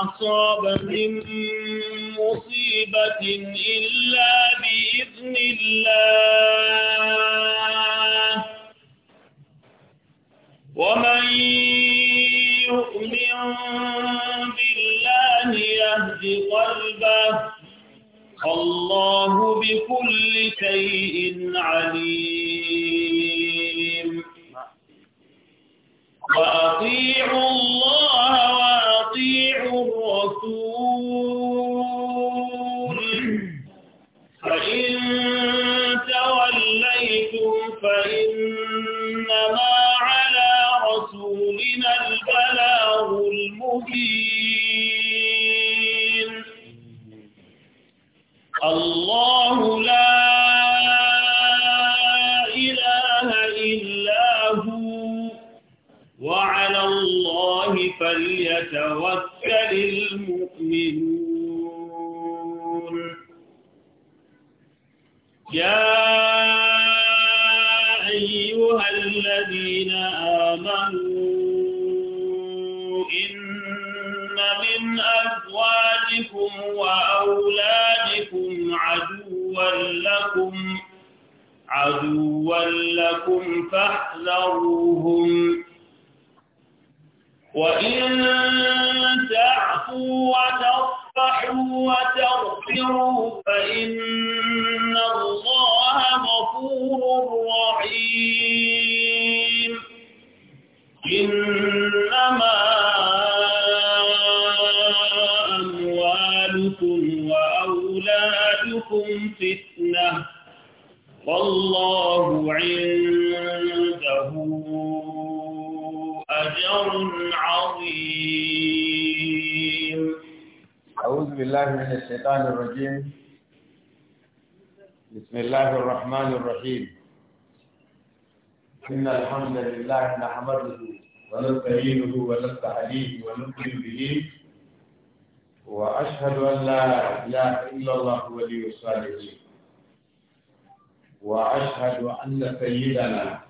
أصاب من مصيبة إلا بإذن الله ومن يؤمن بالله يهد قلبه الله بكل شيء عليم وأطيعوا عدوا لكم فاحذروهم وإن تعفوا وتصفحوا وتغفروا فإن الله غفور رحيم إنما والله عنده أجر عظيم أعوذ بالله من الشيطان الرجيم بسم الله الرحمن الرحيم إن الحمد لله نحمده ونستعينه ونستهديه ونؤمن به وأشهد أن لا إله إلا الله ولي الصالحين وأشهد أن سيدنا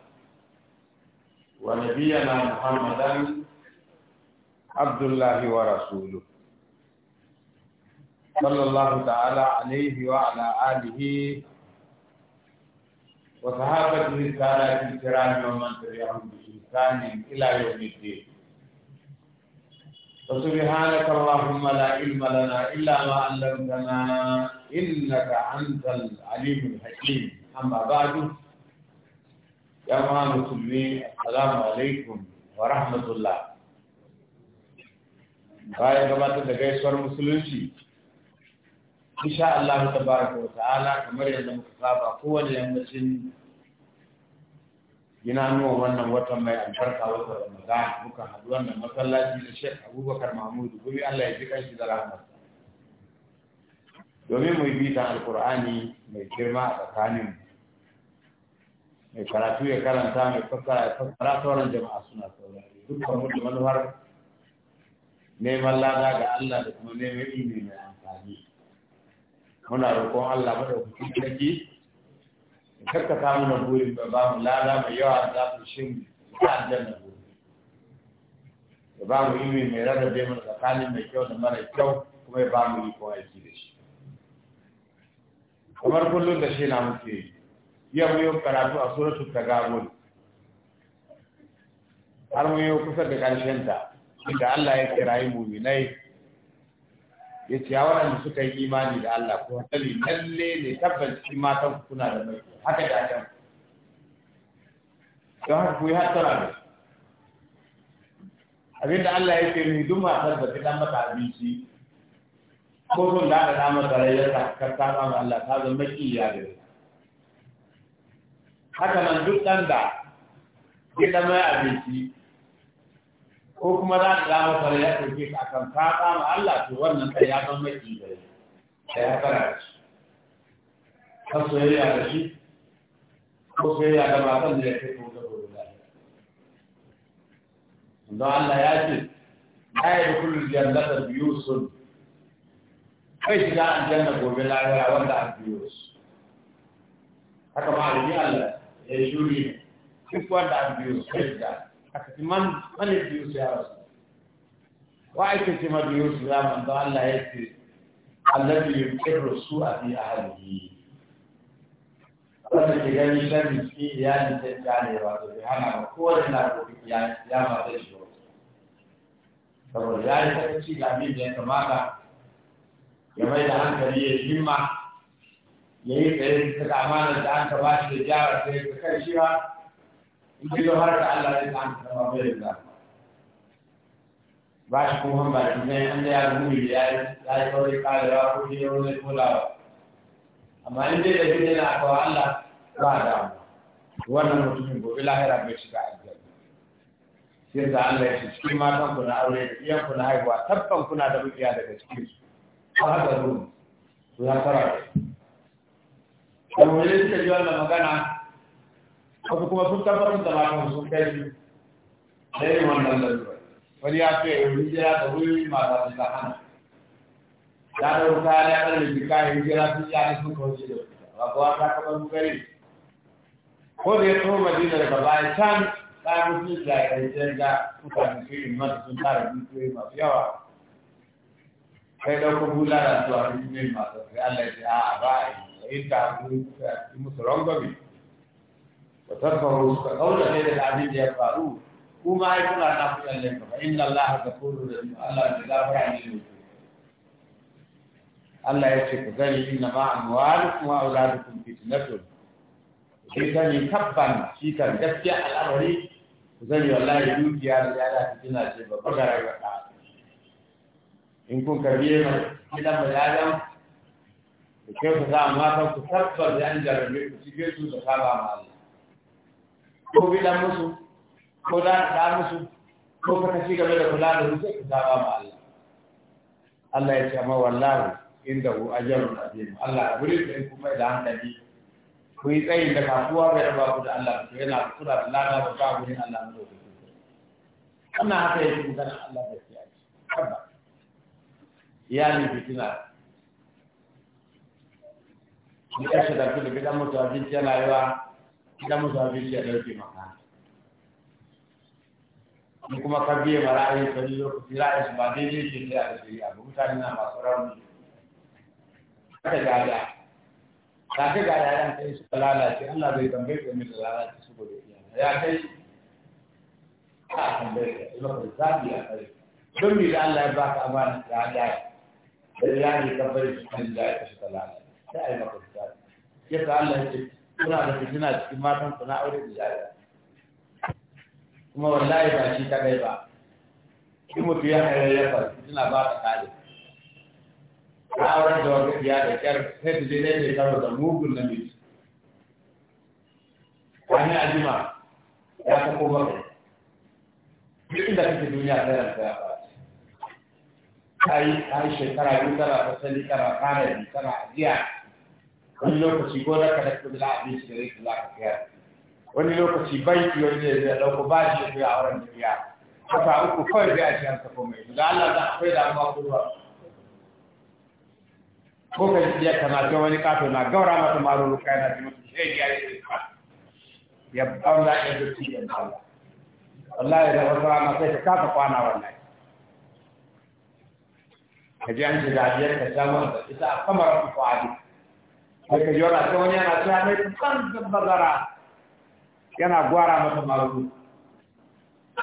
ونبينا محمدا عبد الله ورسوله صلى الله تعالى عليه وعلى آله وصحابته السادات الكرام ومن تبعهم بإحسان إلى يوم الدين وسبحانك اللهم لا علم لنا إلا ما علمتنا إنك أنت العليم الحكيم ba ba'du ya ma musulmi assalamu alaikum wa Ba bayan gabatar da gaisuwar musulunci insha Allah tabaraka da ta'ala kamar yadda muka saba kowane yammacin gina nuna wannan watan mai albarka wata Ramadan muka haɗu wannan masallaci da shek Abubakar Mahmud gumi Allah ya ji kanshi da rahmatsa domin mu yi bitan alkur'ani mai girma a tsakaninmu mai karatu ya karanta mai fassara ya fassara sauran jama'a suna saurari dukkan mutu manufar neman lada ga Allah da kuma neman ilimi mai amfani muna roƙon Allah madaukakin sarki karka samu na burin ba ba mu lada mai yawa za mu shin ta aljanna burin ya ba mu ilimi mai rarrabe mana tsakanin mai kyau da mara kyau kuma ya ba mu iko aiki da shi kamar kullum da shi na mutu. yi yau mu yau karatu a suratul tagabun har mu yau kusa da ƙarshen ta inda Allah ya kirayi muminai ya ce ya waɗanda suka yi imani da Allah ko hankali lalle ne tabbaci matan kuna da mai haka da can don haka ku yi hattara da abinda Allah ya ce ni duk matar da ta dan mata abinci ko sun da da mata rayuwar ta ka ta Allah ta zama kiyaye haka nan duk ɗan da ya zama abinci ko kuma za ta zama fara ya ɗauke ka akan faɗa ma Allah to wannan ta ya zama maki da ya ya fara shi kan soyayya da shi ko soyayya da matan da ya kai ko da gobe da don Allah ya ce ya yi kullu jannata biyu sun kai shiga aljanna gobe lafiya wanda a biyu haka ma alimi Allah ya juri duk wanda an biyu sai da aka ci man man biyu sai wa ake ce ma biyu su ya manzo Allah ya ce alladhi yuqirru su'a fi ahlihi wanda ke gani shan ya iyali ta iyali ba to bai hana ba kowane na gobe ya ya ma ta shi saboda ya yi ta ci ga abin da ya kamata ya mai da hankali ya himma ya yi tsaye da ta amana da an taba shi da jara sai ta kai shi ba in ji har da Allah zai ta amsa ba bai da ba shi kuma ba shi ne an da ya rubu ya yi ya yi kawai kalewa ko shi ya wani kulawa amma in dai da shi ne na kawo Allah ba da wannan mutumin gobe lahira bai shiga aljanna sai da Allah ya ce cikin matan ku na aure da iyan ku na haihuwa tabban kuna da rukiya daga cikin su har da ruhu ya fara da yawon suka ji wannan magana wasu kuma sun tabbatar da lafin sun kai da yin wannan lalura wani ya ce hijira da wuri masu hana ya da wuta ya ɗan hijira sun yi sun da wuta ba kuwa ta gari ko da ya tsoho madina daga baya can ya sun jayayen mutane su yi masu sun tara dukiyoyi masu yawa kai ɗaukar hula da zuwa masu sai Allah ya a ba ya damu suka yi musu ne da abin da ya faru kuma ai allah ya ce ku gani inna ma amwalukum wa auladukum fitnatun ku gani kabban shi kan gaskiya al'amari ku gani wallahi dukiya da yara fitina ce babbar rayuwa in kun karbiye mai gidan bayanan ku kyautata matan ku tabbar da an jarabe ku cike su da saba ma Allah ko bi musu ko da da musu ko ka ci gaba da kula da su ka saba ma Allah Allah ya ce amma wallahi indahu ajrun azim Allah gure ku in kuma da hankali ku yi tsayin da kasuwa bai raba ku da Allah ku yana kura da lada da ne Allah ne Kana haka yake magana Allah ya ce Ya iyalin fitina ni kashe da kuma gidan musu abinci yana yawa gidan musu abinci ya dauke maka in kuma ka biye ma ra'ayin ka ni lokaci ra'ayin su ba daidai ke da a shari'a ba mutane na masu rauni haka gada ta gada yan kai suka lalace Allah bai tambaye ka mai lalace su gobe ya kai ka tambaye ka ina ka zabi a kai don bi da Allah ya baka amana da ya da ya ne ka su kan da ya kashe talala sai a yi maka ya sa Allah ce suna da fitina cikin matan ku na aure da yaya kuma wallahi ba shi kadai ba in mutu ya hayayyafa fitina ba ta kare ta auren da wani biya da kyar sai ta je ne karo da mugun namiji wani ajima ya ta koma kai duk inda kake duniya ta yanzu ya ba ta yi shekara biyu tara ta sani tara kare biyu tara ajiya wani lokaci ko zaka ka dafa da abinci da zai za ka kiyar wani lokaci bai ki wani ne da dauko ba shi ya a wurin tafiya haka uku kawai zai a cikin sa komai da Allah za akwai damuwa ko ba ko ka ji ya kana ga wani kato na gaura mata maro ruka yana ji mata ya yi ya ban da ya ci ya Allah wallahi da wasu ana sai ka kafa kwana wannan ka ji an ji da biyar ka samu da ita a kamar ku fa'adi daga jona ta wani yana ta mai ban bazara yana gwara mata maru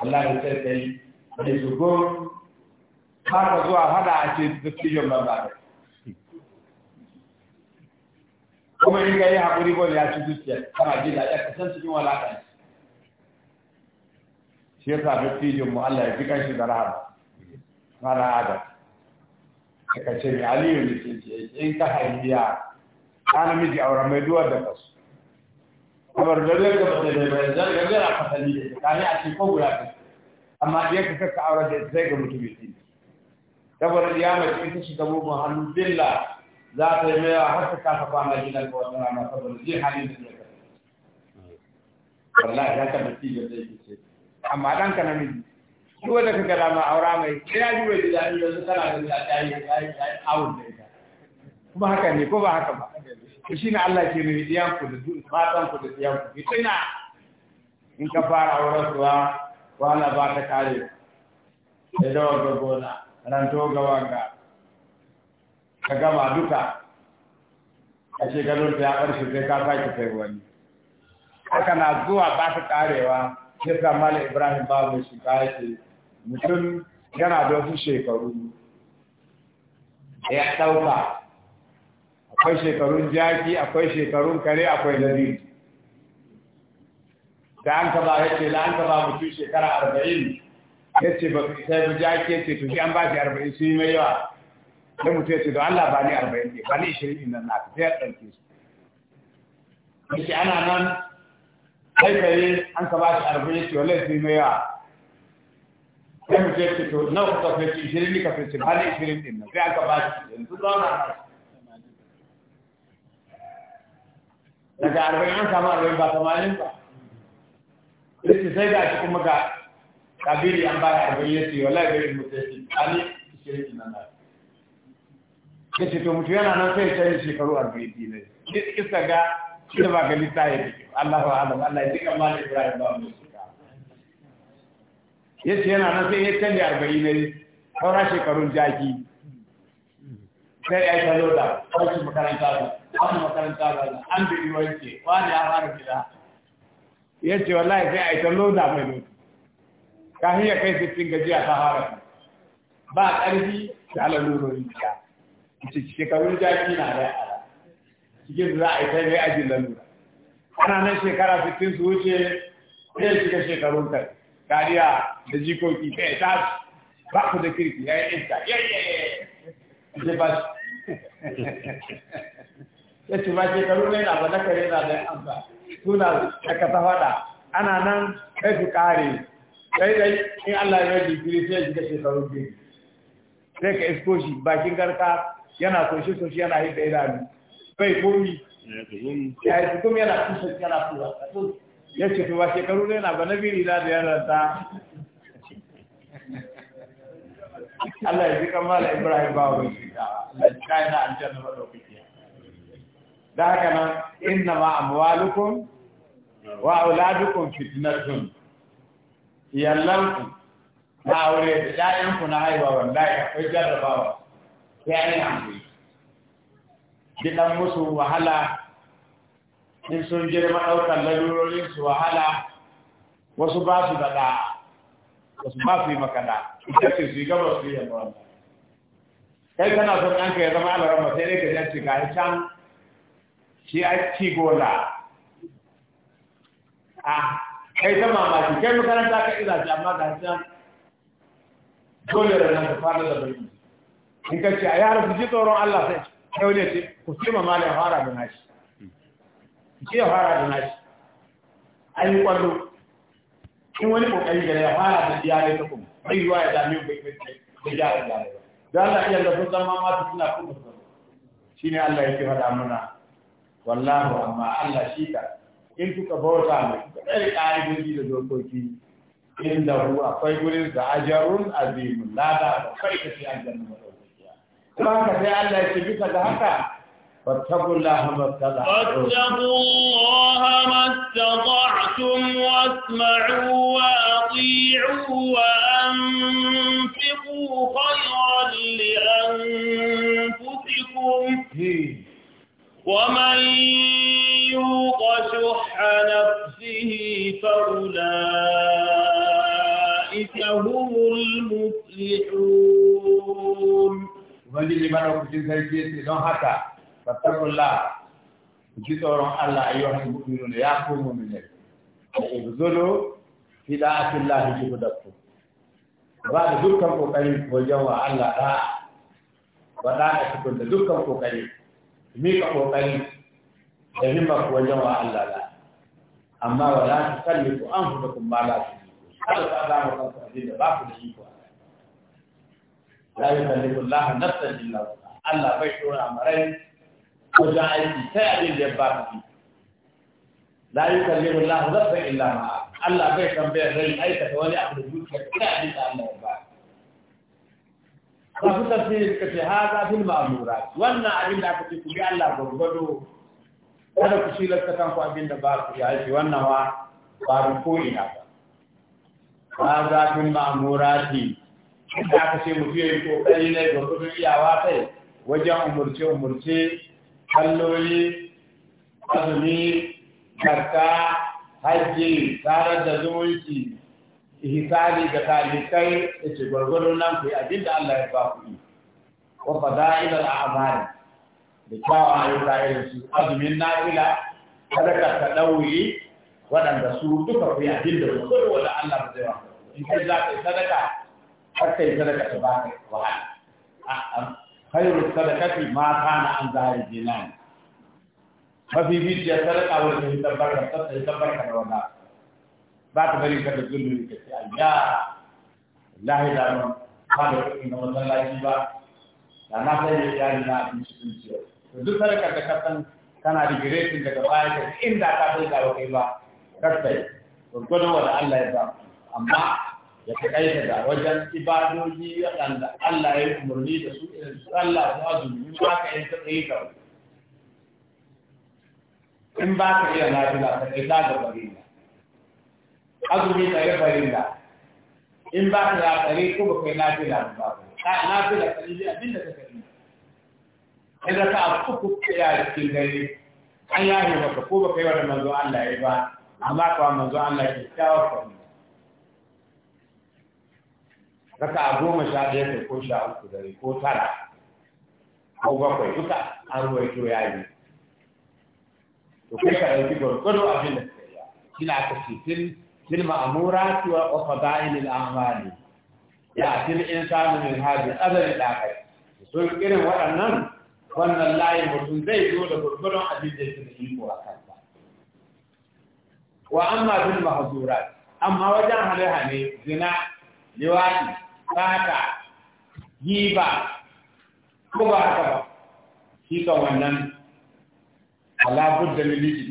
Allah ya sai sai da zugo har ka zuwa hada a ce dattijon banza kuma in ga yi hakuri ko ya ci zuciya kana ji da ya kasan cikin walaƙa shi yasa dattijon mu Allah ya ji kanshi da rahama mara adam ka ce aliyu ne ce in ka haifiya ta namiji aure mai duwa da kasu kamar gabe ka bata da bai zan gabe a fasali da ta ne a cikin ko guda ta amma ɗaya ka kaka aure da zai ga mutum yake saboda ya mace ta mu mugun hannu billa za ta yi mai har ta kafa kwana gidan ka wata rana saboda zai halin da zai wallahi ka mutum ya zai ce amma dan ka namiji duk da ka gada ma aure mai ya ji bai ji yanzu kana da ta yi a da kuma haka ne ko ba haka ba to shine Allah ke nuni diyan ku da matan ku da diyan ku tuna in ka fara auren suwa wala ba ta kare da dawar da gona to ga wanga ka gama duka a shekarun ta ya ƙarshe sai ka sake kai wani haka na zuwa ba ta karewa ya samala ibrahim babu shi ka ce mutum yana da wasu shekaru ya ɗauka akwai shekarun jaki akwai shekarun kare akwai dabi da an ka ba ya ce la an ka ba mutum shekara arba'in ya ce ba sai jaki ya ce to shi an ba shi arba'in sun yi mai yawa sai mutu ya ce to Allah ba ni arba'in ne ba ni ishirin ɗin na ta sai ɗauke su ya ce ana nan sai ka yi an ka ba shi arba'in ce wallahi sun yi mai yawa sai mutum ya ce to nawa ka fi ishirin ne ka fi ce ba ni ishirin ɗin na sai an ka ba shi yanzu zauna a shi daga arba'in an samu arba'in ba tamanin ba kristi sai ga shi kuma ga kabiri an baya arba'in ya ce wallahi bai mutu shi ani ishirin ina na ya ce to mutu yana nan sai ya canza shekaru arba'in ne kista ga shi da ba ga littafi ya ce Allahu alam Allah ya dika mali Ibrahim ba mu ya ce yana nan sai ya canza arba'in ne saura shekarun jaki sai ya yi talo da wacce makaranta da wani makaranta da an bi ce wani ya fara gida ya ce wallahi sai a yi talo da mai mutu ka ya kai sittin gajiya ta fara ba ƙarfi da alalurori ta da jaki na da yara cikin za a yi ta mai da lalura ana nan shekara sittin su wuce zai shiga shekarun kai kariya da jikoki kai ta ba ku da kirki ya yi ya yi ya ya ce ba shekaru ne na ba na kare na da amsa suna da ka ta faɗa ana nan kai su ƙare sai dai in Allah ya yi jiri sai shiga shekaru biyu sai ka isko shi bakin garka yana kunshi kunshi yana yi hidda idanu bai komi ya yi kuma yana kusa yana kusa ya ce ba shekaru ne na ba na biri na da ta. Allah ya ji kamar Ibrahim ba wa shi da Allah ya kai na aljanna ba dauki da haka nan inna ma amwalukum wa auladukum fitnatun yallanku na aure da ku na haihuwa wallahi akwai jarrabawa sai an yi hankali Gidan musu wahala in sun girma ɗaukar lalurorinsu wahala wasu ba su da ɗa'a ba su ma su yi makana ita ce su yi gaba su yi yamma wannan kai kana son ɗanka ya zama alaran ba sai dai ka jan shiga ya can shi a ci gola a kai ta mamaki kai makaranta ka ina shi amma ga can dole da nan ta fara da bai in ka ce a yara su ji tsoron Allah sai kai wani ce ku ce ma malam fara da nashi ki ya fara da nashi an yi kwallo in wani kokari da ya fara da diyare ta kuma mai ruwa ya dame bai bai bai gyara da ba da Allah ya da sun zama masu suna kuma shine Allah yake faɗa mana wallahu amma Allah shi ka in kuka bauta mai kai ƙa'idodi da dokoki inda hu akwai gurin da ajarun azimun lada da kai ka ce aljanna madaukakiya kuma ka sai Allah ya ce bisa da haka فاتقوا الله ما استطعتم الله ما استطعتم واسمعوا واطيعوا وانفقوا خيرا لانفسكم ومن يوق شح نفسه فاولئك هم المفلحون ubangiji mana kucin sarki ya ce fattakullah ji tsoron Allah ayyuhal mu'minun ya ku mu'minai da ibzulu fi da'atillahi jibdatu ba da dukkan kokari wajen wa Allah da ba da dukkan kokari mika kokari da ko wajen wa Allah da amma wa tukallifu anfusakum ma la tusiqu kada ka da mu kan da ba da iko la yukallifu Allah nafsan illa Allah bai dora marai wajen aiki sai abin da ya ba su la yi kallimu Allah zafa illa ma Allah bai tambayar rai aikata wani abu da zuciya sai abin da Allah ya ba ba su tafsiri ka ce ha za fil ma'amura wannan abin da aka ce ku bi Allah gwargwado kada ku shilasta kanku abin da ba ku ya aiki wannan wa ba ko ina ba ha za fil ma'amura da aka ce mutum ya yi kokari ne gwargwado iyawa kai wajen umurce-umurce kalloli azumi karka hajji tarar da zumunci hisali da talikai da ce gwargwado nan ku yi abin da Allah ya ba ku yi wa fada'il Amari, da kyawun ayyuka irin su azumin nafila sadaka ta ɗauri waɗanda su duka ku yi abin da gwargwado wanda Allah ba zai ba in kai za ka yi sadaka har kai sadaka ta ba ka wahala khairu sadaqati ma kana an zahiri jinan mafi bi ya sadaqa wa ta tabarka ta tabarka da wala ba ta bari ka da zulmi ka ce ayya lahi da mun ba da kuɗi na ba da na sai na abin cikin ciwo to duk da ka san kana digiretin daga baya ka inda ka bai da kai ba kar sai gurgurdan Allah ya ba amma ya ta da wajen ibadoji waɗanda Allah ya yi umarni da su irin sallah ko azumi in ba ka yi ta tsaye ka in ba ka iya lafiya ka kai ta ga farilla azumi ta yi farilla in ba ka lafiya ko ba kai lafiya ba ka lafiya ka yi abin da ka kai idan ka abu ku tsaya cikin gari an yahe maka ko ba kai wa da manzo Allah ya ba amma kuwa manzo Allah ke kyawar farilla raka goma sha ɗaya ta ko sha uku dare ko tara ko bakwai duka an ruwaito ya yi to kai ka ɗauki gwargwado abin da ka yi shi na ka ce fil fil ma'amura wa qada'il al-a'mali ya fil insanu min hadhihi azali kai so irin waɗannan wannan layin mutum zai zo da gwargwadon abin da yake da iko a kansa wa amma bil mahzurat amma wajen halaha ne zina liwati bata giba ko ba haka ba shi ka wannan ala budda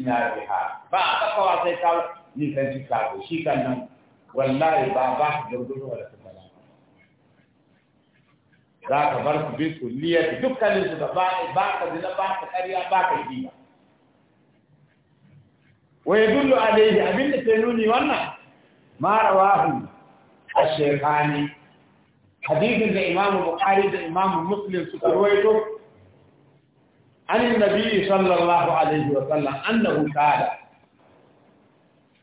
na ake ha ba ka wa sai nisan ni san shi ka shi kan nan wallahi ba ba da gudu wala su bala za ka bar ku bi kulliyar dukkanin su da ba ba ka zina ba ka karya ba ka giba wa yadullu alayhi abinda ta nuni wannan ma rawahu ash hadisin da imamu bukari da imamu muslim suka ruwaito an nabi sallallahu alaihi wa sallam annahu qala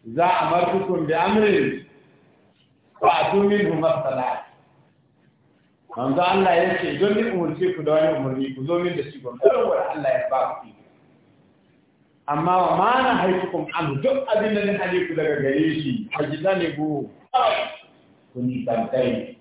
za amartukum bi amrin wa atumidu masala manzo Allah yace don ni umurce ku da wani umurni ku zo min da shi gon kawai Allah ya ba ku amma wa ma na haikukum an duk abin da ni daga gare shi ajidani bu ku ni tantai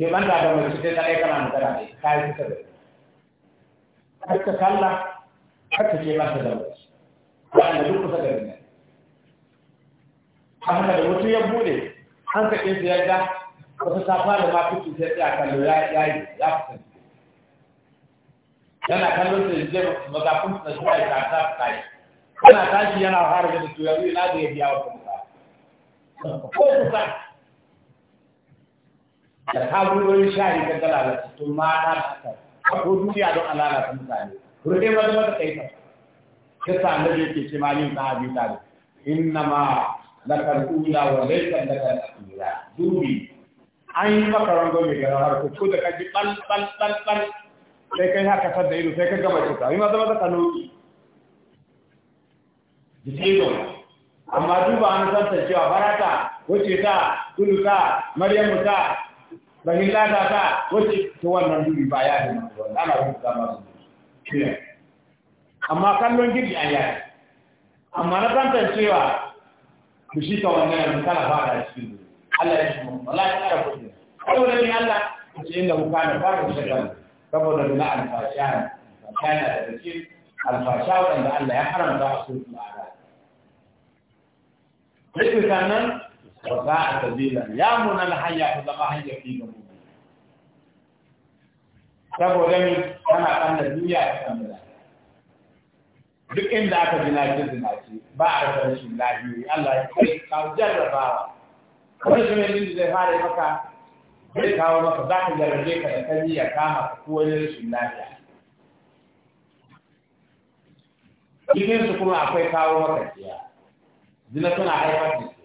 ke man da da mace ta kai kana magana ne ka yi kusa da har ka kalla har ka ke masa da mace wanda duk kusa da ne amma da mutum ya bude an sake su ya ga wata safa da ma kuke sai ya kallo ya ya ya kusa yana kallon da zai mazafin da shi ya kasa kai yana tashi yana har da tuyaru na da ya biya wa kuma ko ku kusa da kaburorin shari da galalattun mata da aka ko duniya don ta mutane rube wata ta kai ta kisa annabi ke ce malin sahabi ta inna ma lakal ula wa laysa lakal akhira dubi an yi maka rango mai gara har ko da ka kaji bal bal bal bal sai kai haka sadda ido sai ka gama ce ta yi maza maza kanoki jisaido amma duba an san ta cewa barata wace ta kulu ta maryamu ta bahin lada ta wace ta wannan dubi ba ya da mutu wanda ana rubuta masu dubi amma kallon gidi a yaya amma na cewa da shi ka wannan yanzu kana fara cikin Allah ya shi mu Allah ya kara kudi kai wannan ne Allah ya ce inda kuka na fara shaka saboda bila alfasha alfasha da cikin alfasha wanda Allah ya haramta su da ala. Sai sannan wa sa'a sabila ya muna hanya ta zama hanyar fi ga mu saboda ni kana kan da duniya ta kan da duk inda aka gina zinace ba a da rashin lahiyoyi Allah ya kai kawo jarrabawa wani shi mai zai fara maka zai kawo maka za ka jarrabe ka da kan ya kama ko wani rashin lafiya cikin su kuma akwai kawo maka ciya zina suna haifar da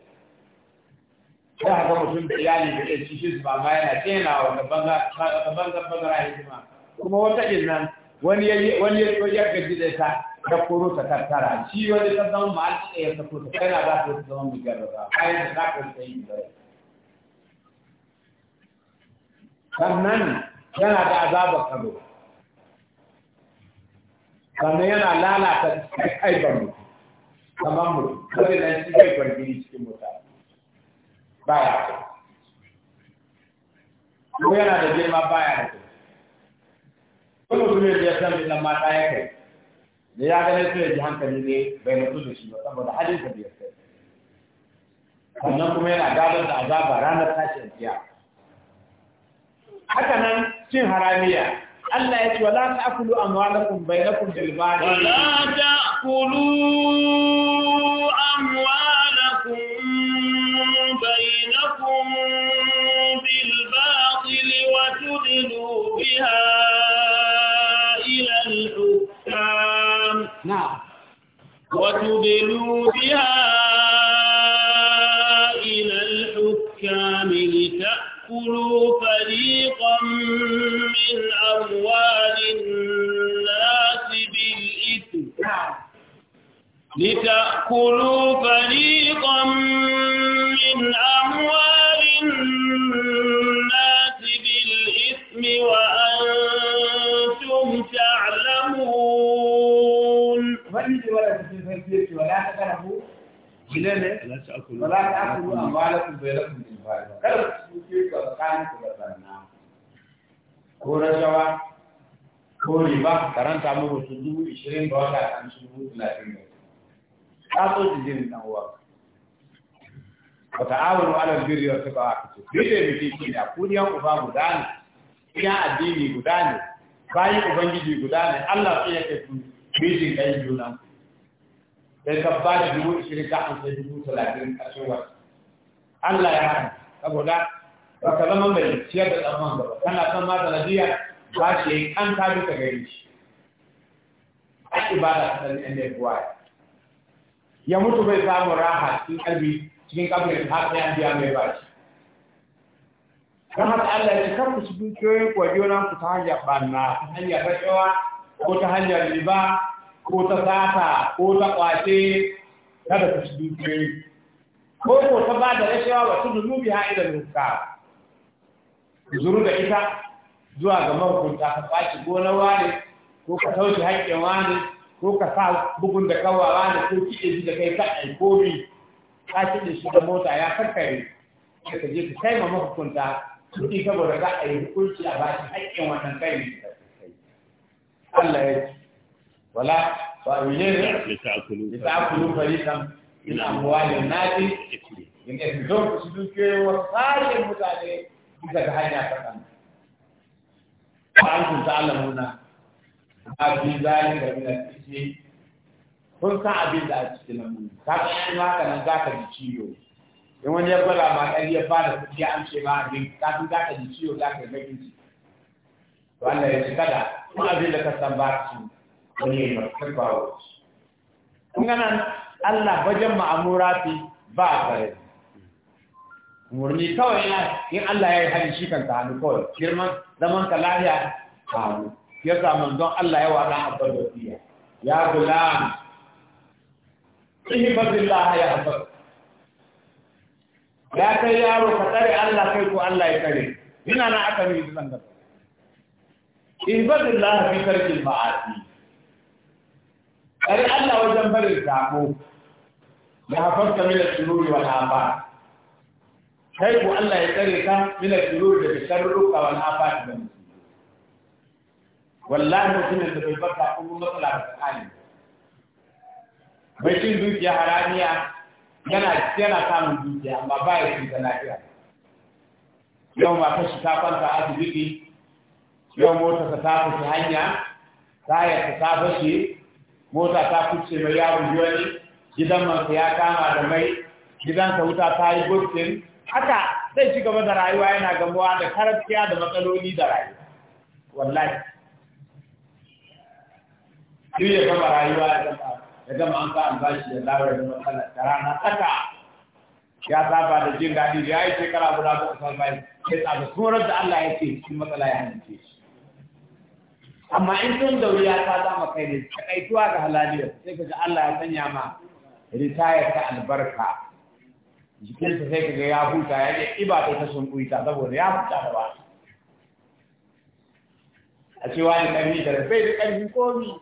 za a ga mutum da iyali da ɗan cikin su ba ma yana tsena wanda banzan bazara hidima kuma wata nan wani ya gaji da ta da koro ta tattara shi wani ta zama ma'al ta ya sako ta kana za ta zama mai mu jarraba bayan da za ka ta yi da sannan yana da azabar kabo sannan yana lalata aibar mutum kamar mutum kada nan shi zai kwargini cikin mutane baya kai ko yana da girma baya da kai mutum mutumin da ya san bin nan mata ya kai da ya gane su ya ji hankali ne bai mutu da shi ba saboda halin da ya kai sannan kuma yana gadon da azaba ranar tashin kiya haka nan cin haramiya Allah ya ce "Wa wala ta'kulu amwalakum bainakum bil batil wala ta'kulu amwalakum بينكم بالباطل وتدلوا بها إلى الحكام نعم وتدلوا بها إلى الحكام لتأكلوا فريقا من أموال الناس بالإثم نعم. لتأكلوا فريقا من Kau rasa apa? Kau riba? Karena kamu wa ta'awunu 'alal birri wat taqwa kace bide miki ne ku yan uba guda ne iya addini guda ne bayi ubangiji guda ne Allah sai ya kai ku bijin kai juna sai ka ba da dubu ishirin ka an sai dubu talatin a cewa Allah ya hana saboda ba ka zama mai ciyar da tsamman ba. kana son ma sanadiyar ba shi ya yi an ta duka gari shi a ibada ta ɗan ɗan ya mutu bai samu raha cikin ƙarfi cikin kabarin har sai an biya mai bashi don haka Allah ya kar ku su dukiyoyin ku juna ku ta hanyar banna ta hanyar rashawa ko ta hanyar riba ko ta sata ko ta kwace kada ku su dukiyoyin ko ko ta ba da rashawa wa su zunubi ha ila nuka zuru da ita zuwa ga mahukunta ka kwace gonar wane, ko ka sauke haƙƙin wane, ko ka sa bugun da kawawa ne ko kiɗe da kai ko aikobi ka da shi da mota ya karkare sai ka je ka kai ma mahukunta kuɗi saboda za a yi hukunci a ba shi haƙƙin wannan kai ne Allah ya ce wala wa yene ne ta fari kan. ina amuwa ne na nasi in ka don su duke wa sai mutane bisa ga hanya ta kan ba an kunta Allah nuna a bi zalika min al-ismi kun san abin da a cikin nan ka ga yan haka nan za ka ji ciwo in wani ya gwada ma ɗari ya fara kuɗi an ce ma abin ka san za ka ji ciwo za ka yi bakin to Allah ya ci kada kuma abin da ka san ba ka ci wani ya yi ba wa kun nan Allah wajen fi ba a kare murni kawai na in Allah ya yi hali shi kan ta hannu kawai girman zaman ka lafiya hannu ya samu don Allah ya wa ɗan abin da ya gula ihfazillah ya haifar. ya kai yaro ka tsare Allah kai ko Allah ya tsare ina na aka yi zan gaba ihfazillah fi tarkil ma'asi tsare Allah wajen barin zaɓo. ya haifar ka mila tururi wa afat kai ko Allah ya tsare ka tururi al-shururi da sharruka wal afat da wallahi mutum da bai barka kuma matsala da tsani mai cin dukiya haramiya yana yana samun dukiya amma ba ya cin lafiya yau ma kashi ta kwanta asibiti yau mota ta fashe hanya tayarsa ta fashe mota ta kuce mai yawon biyoni gidan mansa ya kama da mai gidansa wuta ta yi gurbin haka zai ci gaba da rayuwa yana gamuwa da karatiya da matsaloli da rayuwa wallahi duk ya gama rayuwa da ya gama an ka an bashi da labarin da rana tsaka ya saba da jin daɗi ya yi shekara guda ko kusan bai sai tsaba surar da Allah ya ce cikin matsala ya hance shi amma in sun da wuya ta zama kai ne tuwa ga halaliyar sai ka ga Allah ya sanya ma ritaya ta albarka jikinsa sai ka ya huta ya ce iba ta ta sun saboda ya huta da ba a cewa ne ƙarfi da bai da ƙarfi komi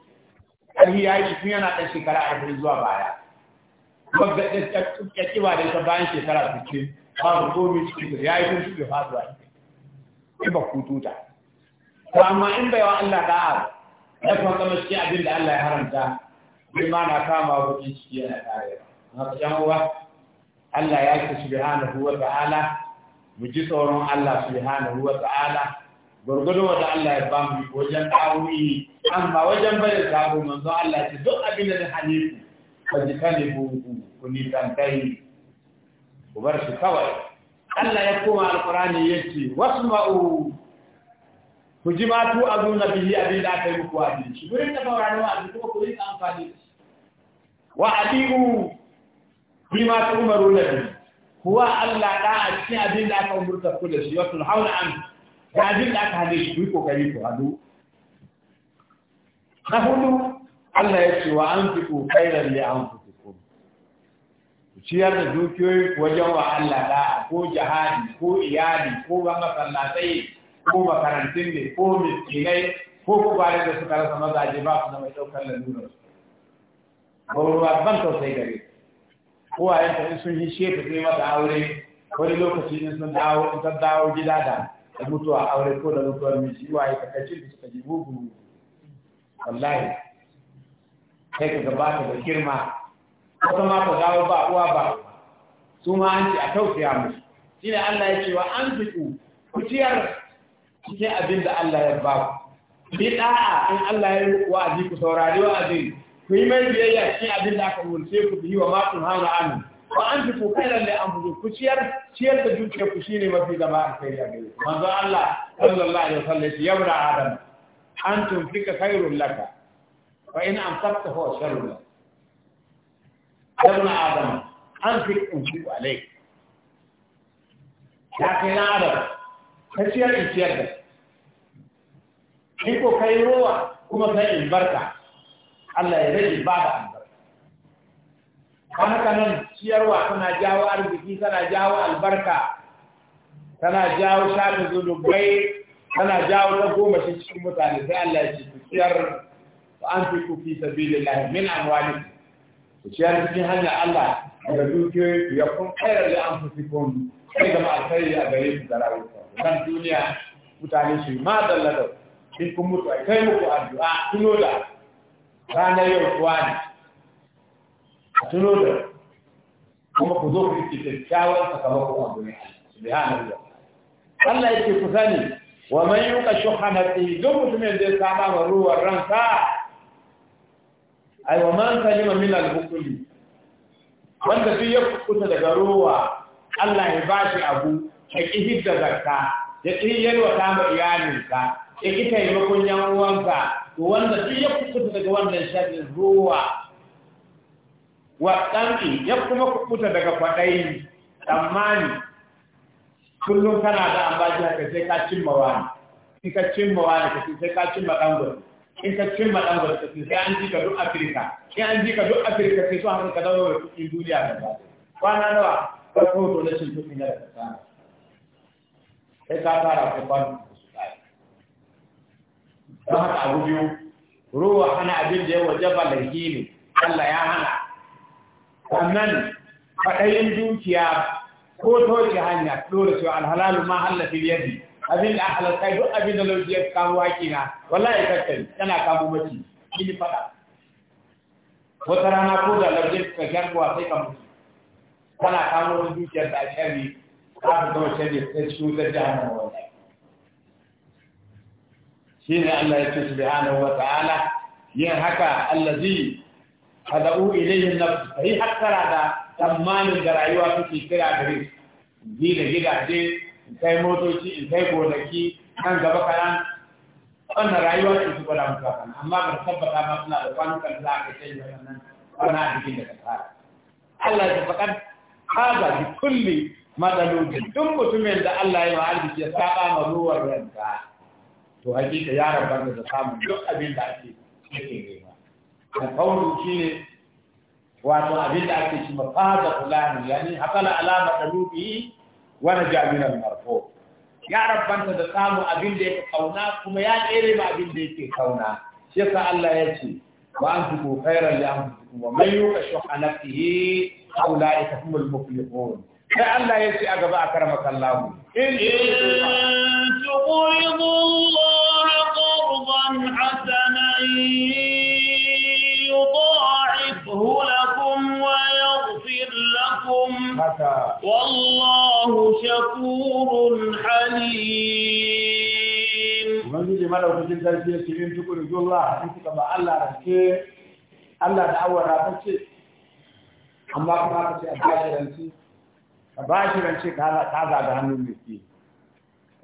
ƙarfi ya yi tun yana ɗan shekara arba'in zuwa baya ɗan ya ba da ita bayan shekara ba su komi cikin ya yi tun shuɗe faɗuwa ku tuta. Ko amma in bai wa Allah da'a ya kuma kama shi abin da Allah ya haramta bai ma na kama wajen ciki yana Na haka yan uwa Allah ya ce subhanahu wa ta'ala mu ji tsoron Allah subhanahu wa ta'ala gwargwadon wata Allah ya ba mu wajen tawuri amma wajen bai bayar sabo manzo Allah ce duk abin da hanifu ka ji kane ku ku ni tantai ku bar shi kawai Allah ya koma alqur'ani yace wasma'u ku ji ma tu azuna bihi abin da aka yi muku wa'adi shi gurin da bawa wa abin kuma ku yi amfani wa adiu bima tu'maru lahi huwa Allah da a cikin abin da aka umurta ku da shi wa tulhauna anhu ga abin da aka hane shi ku yi kokari ku hadu na hudu Allah ya ce wa an fi kairan da an fiko ku ciyar da dukiyoyi wajen wa Allah da ko jihadi ko iyali ko ba masallatai ko makarantun ne ko miskinai ko kubare da suka rasa mazaje ba su na mai ɗaukar lalurar su gwamnati ban tausayi gare ko a yanta in sun yi shefa sai mata aure wani lokaci in sun dawo gida da da mutuwa aure ko da mutuwar miji waye ka kace da suka ji bugu wallahi kai ka gabata da girma wata ma ka dawo ba uwa ba su ma an ce a tausaya musu shine Allah ya ce wa an fiku ku ciyar cikin abin da Allah ya ba ku bi da'a in Allah ya yi wa'azi ku saurari wa'azi ku yi mai biyayya cikin abin da aka murce ku bi wa ma kun hana amin wa an fi kokarin da an fuzo ku ciyar ciyar da dukiyar ku shine mafi zama alkhairi a gare ku manzo Allah sallallahu alaihi wasallam ya yabra adam an tunfika khairul laka wa in amsakta huwa sharrun lak yabna adam an fi unfi alaik ya kai na adam ka ciyar in ciyar da in ko kai ruwa kuma sai in barka Allah ya rage ba da albarka kan haka nan ciyarwa tana jawo arziki tana jawo albarka tana jawo shafin zulubai tana jawo ta goma shi cikin mutane sai Allah ya ce ku ciyar wa an fi ku fi sabilillah min amwalik ku ciyar cikin hanya Allah da dukiyoyi ku ya kun kairar da an fi kun sai da alkhairi a gare ku da rayuwa kan duniya mutane su ma dallata in kun mutu a kai muku addu'a tuno da ranar yau kuwa ne tuno da kuma ku zo ku yi kyakkyawan sakamakon wanda ne subhanahu wa Allah yake ku sani wa man yuqa shuhha nafsihi duk mutumin da ya saba wa ruwan ransa ai wa man salima min al wanda duk ya kuta daga ruwa Allah ya bashi abu ya kihid da zakka ya kihiyar wa ma iyalinka ya ƙi taimakon yan uwanka to wanda duk ya kuta daga wannan shafin ruwa wa ɗanki ya kuma kuɓuta daga kwaɗayi tsammani kullum kana da ambaji haka sai ka cimma wani in ka cimma wani ka sai ka cimma ɗangwar in ka cimma ɗangwar ka sai an ji ka duk afirka in an ji ka duk afirka sai su haka ka dawo da kuɗin duniya ka ba kwana nawa ka hoto na cin kuɗin da ka samu sai ka fara ku ban su tsari don haka abu biyu ruwa hana abin da ya wajaba lahimi Allah ya hana sannan kwaɗayin dukiya ko toce hanya dole su alhalalu ma halatta yadi abin da halalta duk abin da lauci ya kamo haƙi na wallahi kakkai yana kamo mace shi ne faɗa wata rana ko da lauci ka sharkuwa sai ka mutu kana kamo wani dukiyar da a shari za ka zama shari ta cutar da hannun wallahi shi ne Allah ya ce subhanahu wa ta'ala yin haka allazi fada'u ilayhi nafsu kai hattara da tsammanin da rayuwa suke kira gare su da gidaje in kai motoci in kai gonaki nan gaba kaɗan wannan rayuwa ce su gwada mutu kan amma ba tabbata ma suna da kwanukan za a kai canji wannan wani arzikin da ka fara Allah ya faɗa haza bi kulli matsalolin duk mutumin da Allah ya wa arziki ya saba ma ruwan ranta to hakika ya rabar da samun duk abin da ake cikin alƙawlu shine wato abin da ake cewa faza fulani yani hakala alama dalubi wa raja min al-marfu ya rabbanta da samu abin da yake kauna kuma ya tsere ma abin da yake kauna shi yasa Allah ya ce wa anfiqu khairan li anfusikum wa man yuqa muflihun sai Allah ya ce a gaba a karama الله in تقرضوا الله qurban حسنا يغفره لكم ويغفر لكم والله شكور حليم ومن يجي مالا وكتن تركيا كمين تقول رجو الله انت كما الله ركي الله دعوة رابطي أما كما تسي أباشرنسي أباشرنسي كذا دهنو مسكين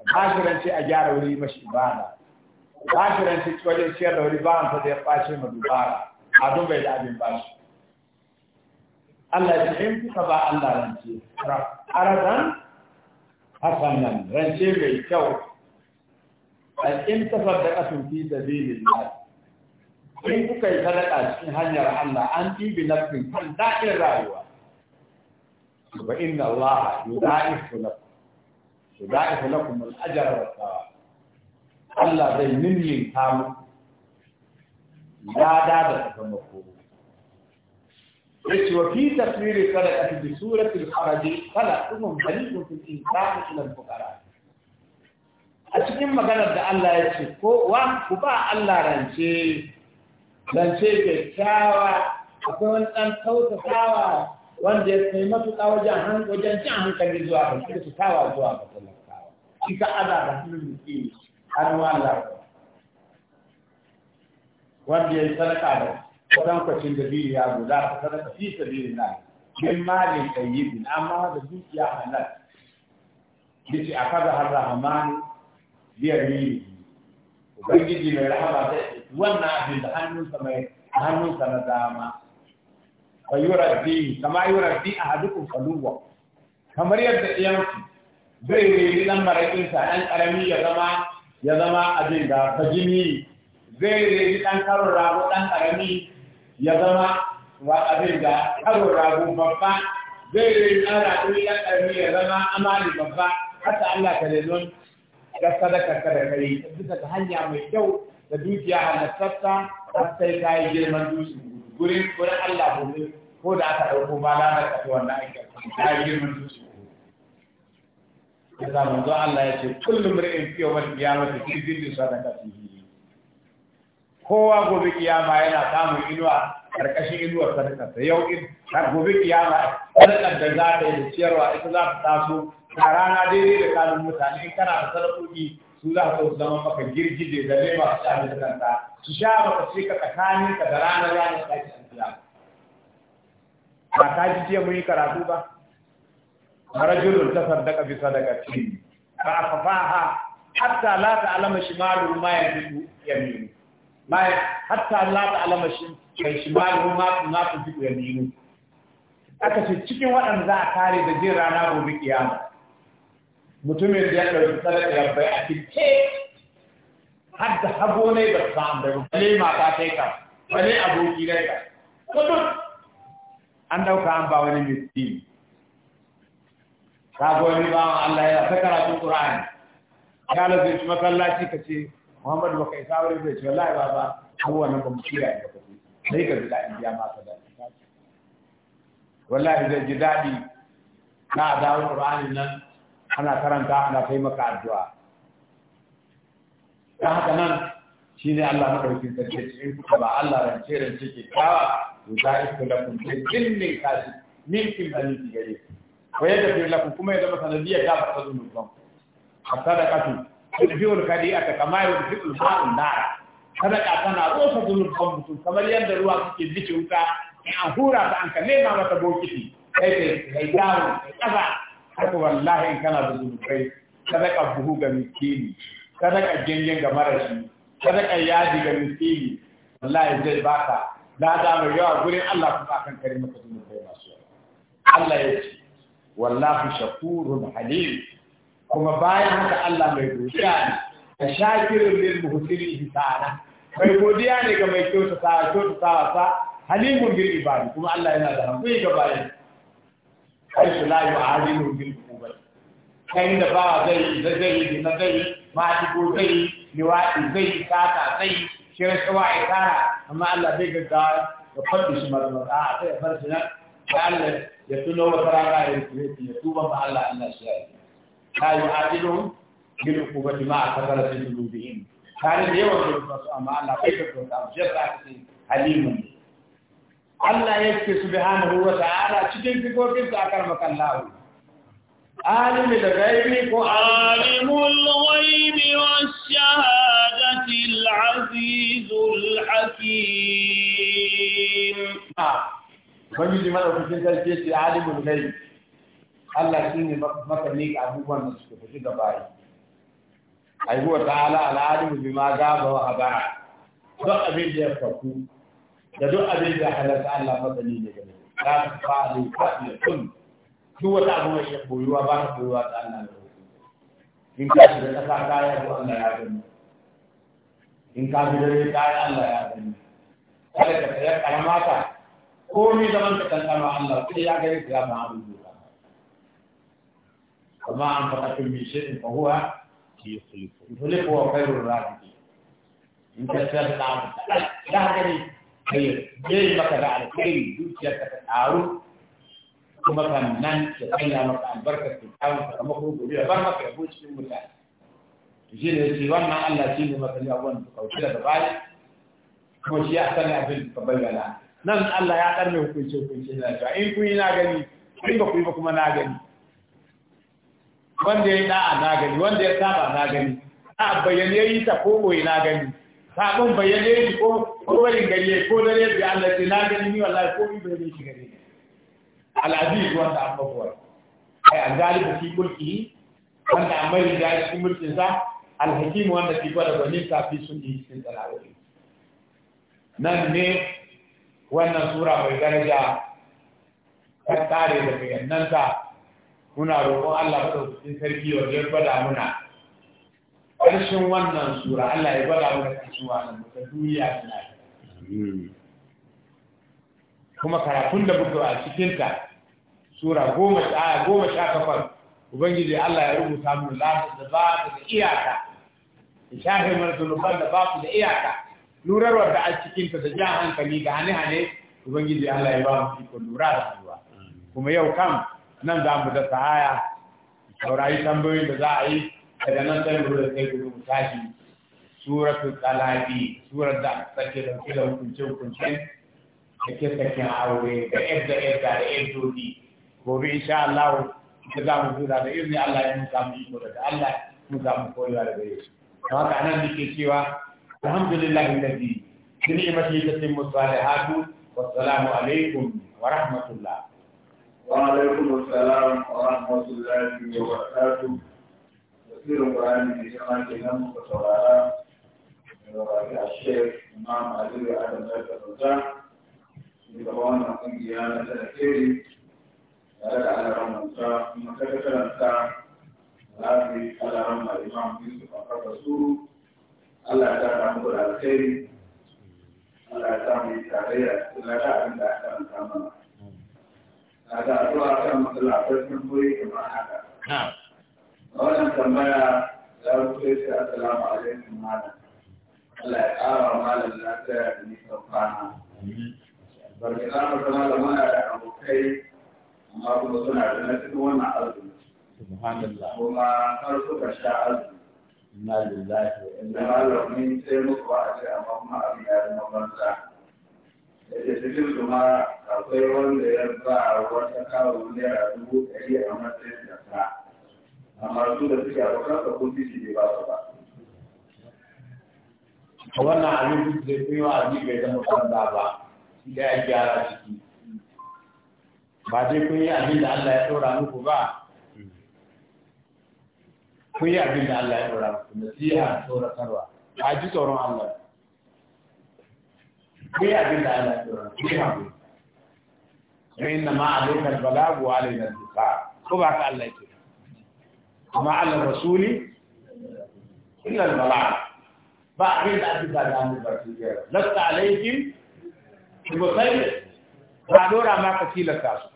أباشرنسي أجار ولي مش إبادة bashiran shi wajen ciyar da wani bawan ta da ya fashe ma dubara a don bai da abin bashi Allah ya in kuka ba Allah rance aradan hasanan rance mai kyau in tasaddaqatu fi sabilillah in kuka yi sadaka cikin hanyar Allah an tibi nafsin kan daɗin rayuwa fa inna Allah yudaifu lakum yudaifu lakum al-ajr wa thawab Allah zai ninyin ta muku ya da da sakamako yace wa fi a cikin bi surati ila fuqara a cikin maganar da Allah ya ce ko wa ku ba Allah rance rance kyakkyawa akwai wani ɗan tautatawa wanda ya kai matuƙa wajen wajen cin hankali zuwa ga kyautatawa zuwa ga talakawa shi ka aza da hannun har Allah wanda ya yi sadaka kwatankwacin da biyu ya guda za ka sadaka fi sabili na min malin ɗayyibin amma da dukiya halal yace a kaza har rahman biyar ne ubangiji mai rahama zai wannan abin da hannunsa mai hannunsa na dama fa yuraddi kama yuraddi ahadukum qaluwa kamar yadda iyanku zai riri dan marakin sa dan karami ya zama ya zama abin da fajimi zai riri ɗan karon rago ɗan ƙarami. ya zama wa abin da karo rago babba zai yi tsara ɗin ya ƙarfi ya zama amali babba haka Allah ka lenon ga sadaka ka da kai bisa ta hanya mai kyau da dukiya halattata har sai ka yi girman dushi gurin gurin Allah gobe ko da aka ɗauko ba da ta wannan aikin ka yi girman ya zama zamanzu Allah ya ce kullum ri'in fiye wani kiyamata kirgin da sadaka fi. kowa gobe kiyama yana samun inuwa karkashin inuwar Da yau in har gobe kiyama sadakar da za ta yi da ciyarwa ita za ta taso a rana daidai da kanun mutane in kana da sadakoki su za su zama maka girgije da lema su sha da kanta su sha maka ce ka tsakanin ka da ranar ranar ta ki ba ta ji jiya mun yi karatu ba marajulun ta sadaka bi sadaka ce ba a fafaha hatta la ta alama shimalu ma yanzu yamini ta shi حتى لا ma شيء na ما ما تنفق يمينه aka ce cikin waɗanda za a kare da jin rana gobe kiyama mutumin da ya ɗauki sadaka ya bai a cikin har da hago ne ba ta samu da bale ma ta yi ka bale aboki ne ka kudin an ɗauka an ba wani miski ka ga ni ba Allah ya ta karatun Qur'ani Ya zai ci masallaci ka ce Muhammadu baka kai aure bai ce wallahi ba ba abuwa nan ba mu kiyaye ba sai ka ji daɗi ya mata da wallahi zai ji daɗi na dawo Qur'ani nan ana karanta ana kai maka addu'a dan haka nan shine Allah madaukakin sarki in kuka ba Allah rance rance ke kawa to za iska lakum sai jinnin kashi milkin baliki gare ku ko yadda fi lakum kuma ya zama sanadiyar gafarta ba hatta da kasu yudhiu al-khadi'ata kama yudhiu al-ma'u nara sadaka tana zo ta zulubban mutum kamar yadda ruwa suke bice wuta in an hura ta an kalle nema mata bokiti kai kai kai dawo kai kaza haka wallahi in kana da zulubai sadaka buhu ga miskini sadaka gengen ga marashi sadaka yadi ga miskini wallahi zai baka za mai yawa gurin Allah kuma akan kare maka zulubai masu yawa Allah ya ce wallahu shakurun halim kuma bayan haka Allah mai godiya ne da shakirin lil muhsini hisana mai godiya ne ga mai kyautata kyautatawa sa halimun bil ibadi kuma Allah yana da hankali ga bayan kai su layu a halimun bil kubai kai da ba zai da zai da zai ma ji ko zai liwaɗi zai sata zai shirin tsawa ya tara amma Allah bai gaggawa da faɗi shi marmata a sai ya farshi nan ya Allah ya tuno wata rana ya tuba ma Allah Allah shi ya yi لا يعادلهم بالعقوبة مع كثرة ذنوبهم كان يوم الرسول أما الله كيف تقول حليم الله يكفي سبحانه وتعالى تجد في قوتك أكرمك الله عالم الغيب عالم الغيب والشهادة العزيز الحكيم فمن يجب أن يكون عالم الغيب Allah shi ne maka ne abubuwan da suka fi ga bayi ai huwa ta'ala bi ma gaba wa haba duk abin da ya faku da duk abin da halarta Allah maka ne ne gare ka fa ne ka ne kun duk wata abu mai boyuwa ba ta boyuwa ta Allah ne in ka shi da ƙasa ta yi abu Allah ya gani in ka fi dare ta yi Allah ya gani kada ka tsaya karamata komai zaman ka kankama Allah sai ya gani ka yi abu وما أنفقتم من شيء فهو يخلفه يخلفه خير الرازق انت سبب العرض لا تدري خير بين ما كان على خير دوسيا كتعارف ثم كان من يتكلم عن بركة التعاون فما خروج بها برمى في أبوش في المكان يجينا يسيرون مع الله سيدي ما كان يأوان بقوتي لك غاية ثم شيء أحسن يعفل تقبل لنا نعم الله يعلم كل شيء كل شيء لا شيء إن كنا نعلم إن بقول بكم نعلم wanda ya yi da'a na gani wanda ya saba na gani a bayyane ya yi ta ko boye na gani sabon bayyane ya yi ko kowarin gari ko dare da Allah ce na gani ni wallahi ko ibe bayyane shi gari al'aziz wanda an babuwa ai al-ghalib fi mulki wanda an mai da shi mulkin sa al-hakim wanda ke gwada gani ta fi sun yi sun tsalawoyi nan ne wannan sura mai daraja ta tare da bayanan ta muna roƙon Allah cikin sarki wanda ya gwada muna ƙarshen wannan sura Allah ya gwada muna ƙarshen wannan ta duniya suna kuma karatun da muka a cikinta sura goma sha goma sha kafar ubangiji Allah ya rubuta mu lafiya da ba ta da iyaka shafe mana zunuban da ba su da iyaka lurarwar da a cikinta da jan hankali da hane-hane ubangiji Allah ya ba mu iko lura da kuma yau kam nan za mu dasa haya saurayi tambayoyin da za a yi daga nan sai mu da kai gudu mu tashi suratul talaqi surar da take da kila hukunce hukunce da ke sakin aure da yadda yadda da yaddoji gobe insha Allah da za mu zura da izini Allah ya muka mu iko daga Allah mu za mu koyuwa daga yau don haka nan nake cewa alhamdulillahi alladhi ni'matihi tatimmu salihatu wassalamu alaikum wa rahmatullah وعليكم السلام ورحمة الله وبركاته كثير القرآن في جماعة من وصلاة الشيخ إمام علي آدم ذات الرجاء يتبعون عن ديانة الكيري قال على رمضان ثم كتب الأمساء لكن على رمضان الإمام يوسف أقرب رسول الله تعالى أمر الخير الله تعالى يتعالى الله تعالى أمر الخير na zuwa addu'a kan matsalafin tambayoyi kamar haka. A wannan tambaya za ku ce sai assalamu alaikum malam. Allah ya ƙara malam lafiya da nisan kwana. Barka za mu zama da muna da abokai amma kuma suna da na cikin wannan azumi. Kuma har suka sha azumi. Inna lillahi wa inna ilaihi raji'un. Sai muku ba a ce amma kuma abin ya zama banza. da cikin kuma akwai wanda ya ba wata kawo naira dubu ɗari a matsayin da sa amma su da suke abokan ka kun titi ne ba su ba. a wannan abin da kun yi wa abin bai zama canza ba da ya gyara ciki ba dai kun yi abin da Allah ya ɗora muku ba kun yi abin da Allah ya ɗora muku nasiha tsoratarwa a ji tsoron Allah sai abin da Allah ya yi haƙuri sai inna ma alaikal balagu wa alaina al-isar ko ba ka Allah ke amma Allah rasuli illa al-balag ba abin da aka ga da mu barci ya lasta alaikin ko sai ba dora ma ka tilasta su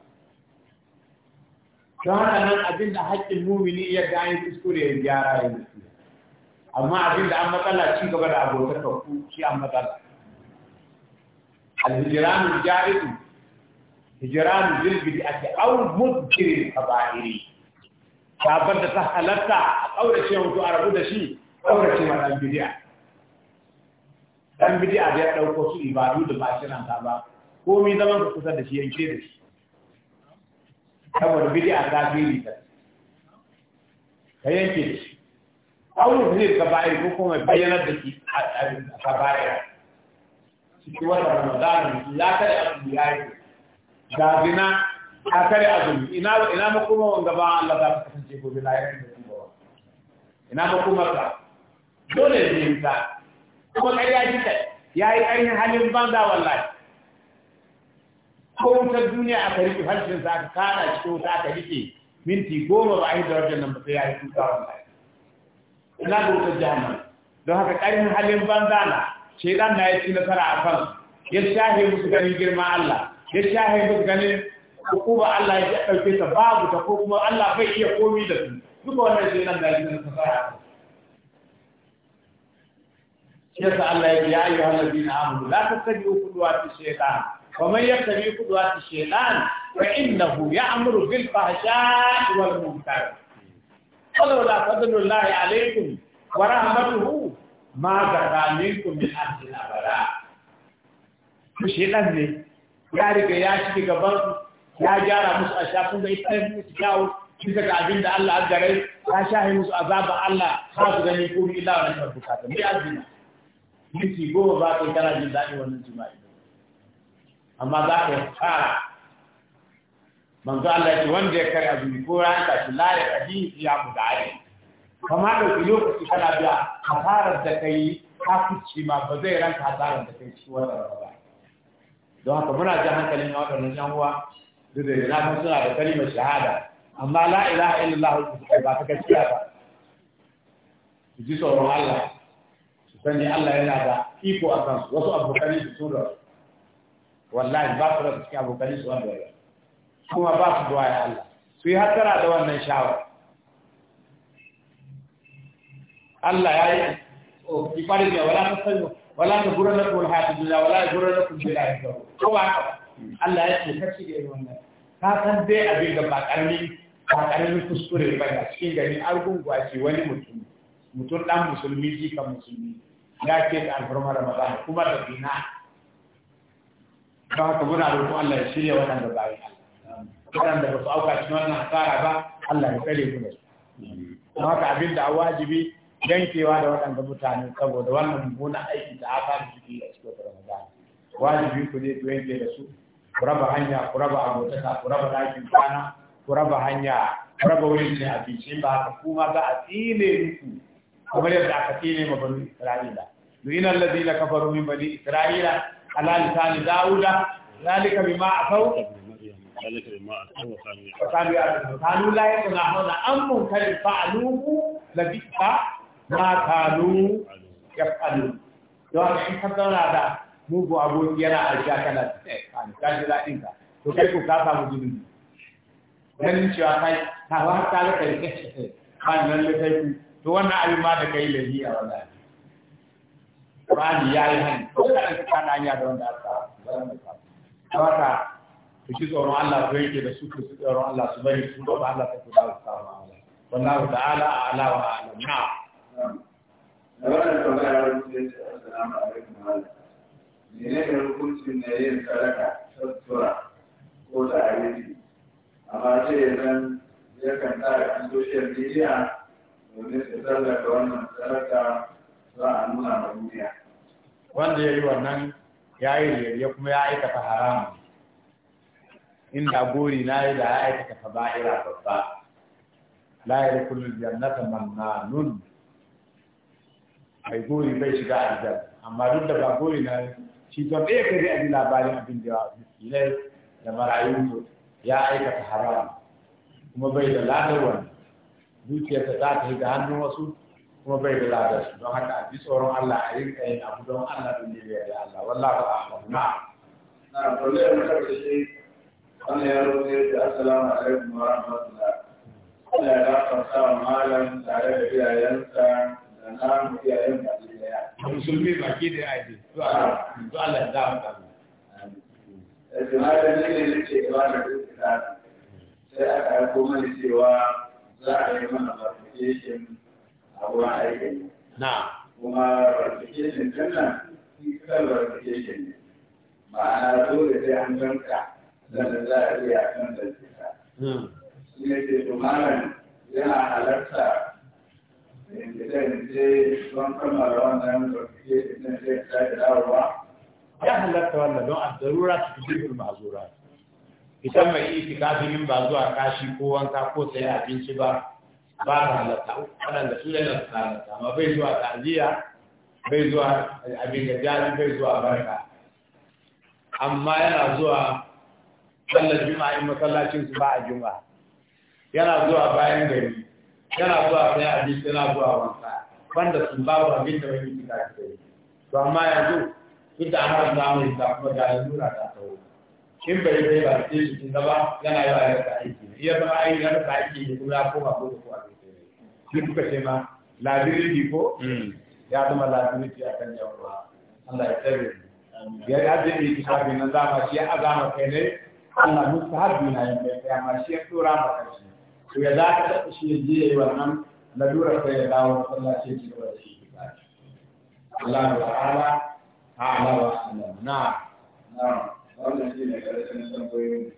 don haka nan abin da haƙƙin mumini ya ga yin kuskure ya gyara ya amma abin da an matsala ci gaba da abokan ku shi an matsala الهجران الجائز هجران بالبدعة أو مذكر الكبائر فأبدا da ta halatta a ƙaurace mutu a rabu da shi ƙaurace ma ɗan bidiya da dauko su ibadu da ba shi ranta ba komi zaman ka kusa da shi yanke da shi saboda a ta fili ta ka yanke da shi abu da zai ka bayar ko kuma bayyanar da shi a ka cikin wata ramadana ya kare azumi ya yi ga zina a kare azumi ina ina makoma wanga ba Allah za ta kasance kuma ba ina makoma ka dole ne yin ta kuma ji ta ainihin halin banza wallahi ko wutar duniya a kariki harshen sa ka kada shi ko ta ka rike minti goma ba a yi darajar nan ba sai ya yi tuta wallahi ina ga wutar jahannama don haka ƙarfin halin banza na شيطان نايت في نصر عفل يشاهي مسجاني جرم الله يشاهي مسجاني حقوب الله يجعل في تباب وتقوب ما الله في إيه قومي لكم نقول أنه شيطان نايت في نصر عفل شيطة الله يا أيها الذين آمنوا لا تتبعوا قدوات الشيطان ومن يتبع قدوات الشيطان فإنه يأمر بالفحشاء والمنكر قالوا لا تدلوا الله عليكم ورحمته ma gaba minkum min ahli abara ku shi dan ne ya riga ya shiga gaban ya gyara musu a shafin da ita ne su kawo shi daga abin da Allah ya gare ya shahi musu azaba Allah ba su gani ko illa wannan barbuka ta mai azumi miki goma ba kai kana jin dadi wannan jima'i amma za ka fara manzo Allah ya ce wanda ya kare azumi ko ran ta shi la ya kadi ya mudai kama ɗauki lokaci kana biya hasarar da ka yi ma ba zai ranka hasarar da kai yi cikin wannan raba ba don haka muna jan hankalin ya wadannan yan uwa duk da na san suna da kalimar shahada amma la ilaha illallah ba ta gaskiya ba su ji tsoron Allah su sani Allah yana da iko a kansu wasu abokanai su tura wallahi ba su da cikin abokanai su wanda ya kuma ba su ya Allah su yi hattara da wannan shawar Allah ya yi o ifari ne wala ta sanyo wala ta gura na kuma hatu bila wala ta gura na kuma bila ya gaba ko ba haka Allah ya ce kashi da irin wannan ka san dai abin da ba karami ba karami kuskure ba ne cikin gari argun gwaci wani mutum mutum dan musulmi jika musulmi ya ke da alfarma ramadan kuma da bina don haka da Allah ya shirya bayan Allah da ba su auka cikin wannan hasara ba Allah ya tsare ku da su abin da wajibi jankewa da waɗanda mutane saboda wannan mummunan aiki da aka da suke a cikin Ramadan wajibi ku ne ku yanke da su ku raba hanya ku raba abotaka ku raba ɗakin kwana ku raba hanya ku raba wurin a abinci ba haka kuma za a tsine muku kamar yadda aka tsine ma bani Isra'ila duina na kafaru min bani Isra'ila ala lisani Dawuda zalika bima asaw ذلك بما أتوا na يعلمون كانوا لا يتناهون عن منكر فعلوه لبئس ma kanu yaf'alu don in ka zauna da mugu aboki yana arsha kana ka ji daɗin ka to kai ko ka samu zunubi ganin cewa kai ta wa ta da kai kan nan da kai to wannan abin ma da kai lahi a wallahi Kur'ani ya yi hani ko da ka kana hanya da wanda aka ta, ku ci tsoron Allah ko yake da su ku ci tsoron Allah su bari su ba Allah ta ku da su ta Allah wallahu ta'ala a'la wa a'lam na'am da wannan tambaya ya rubuta ya ce assalamu alaikum malam mene ne hukuncin da yin sadaka tattura ko ta abinci amma ce yanzu yakan tsara kan social media domin su tallata wannan sadaka za a nuna ma duniya wanda ya yi wannan ya yi riyariya kuma ya aikata haramun inda gori na yi da ya aikata faba'ira babba la yarkulul jannata nun. mai gori bai shiga aljanna amma duk da ba gori na shi to ɗaya ka a ji labarin abin da ilai da marayu ya aikata haram kuma bai da ladar wani zuciyarsa za ta yi ga hannun wasu kuma bai da ladar su don haka a ji tsoron Allah a yi kayan abu don Allah don ne da Allah wallahu a'lam na na kullum mun karshe wannan ya rubuce da assalamu alaikum wa rahmatullah Allah ya gafarta wa malam tare da iyayensa da ba ke da ya yi to Allah ya dawo da mu sai aka yi kuma cewa za a yi mana verification a wurin aikin na kuma verification din nan kan verification ne zo da sai an ka sannan za a iya kan da shi ne to malam yana halarta ya halatta wannan don a darura ta ma'azura idan mai itikafi in ba zuwa kashi ko wanka ko sayan abinci ba ba ta halatta waɗanda su yana ta halatta amma bai zuwa ta'aziyya bai zuwa abin da jari bai zuwa barka amma yana zuwa sallar juma'a in masallacin su ba a juma'a yana zuwa bayan gari yana zuwa sai abinci yana zuwa wanka wanda sun babu abin da wani kita ke yi to amma yanzu ita an haramta mai ta kuma ga lura ta tawo in bai bai ba sai su tun ba, yana yi wa ta aiki ne iya zama aiki ta aiki ne kuma ya koma ko da kowa ne kuka ce ma labiriti ko hmm. ya zama labiriti a kan yawa Allah ya tsare ni ya yi hajji ne kitabi na zama shi ya zama kai ne Allah musta hajji na yin bai kai amma shi ya tura maka shi to ya dakatar da shi ya je ya yi wannan lalura sai ya dawo masallaci ya ci gaba da shi Allah ta'ala ta'ala wa sallam na na wannan shi ne karshen tambayoyin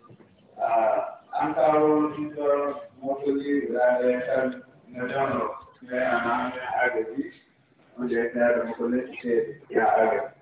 an kawo cutar motoci guda ɗaya kan na jami'a na yana na agaji wanda ya tsaya da makullin ya agaji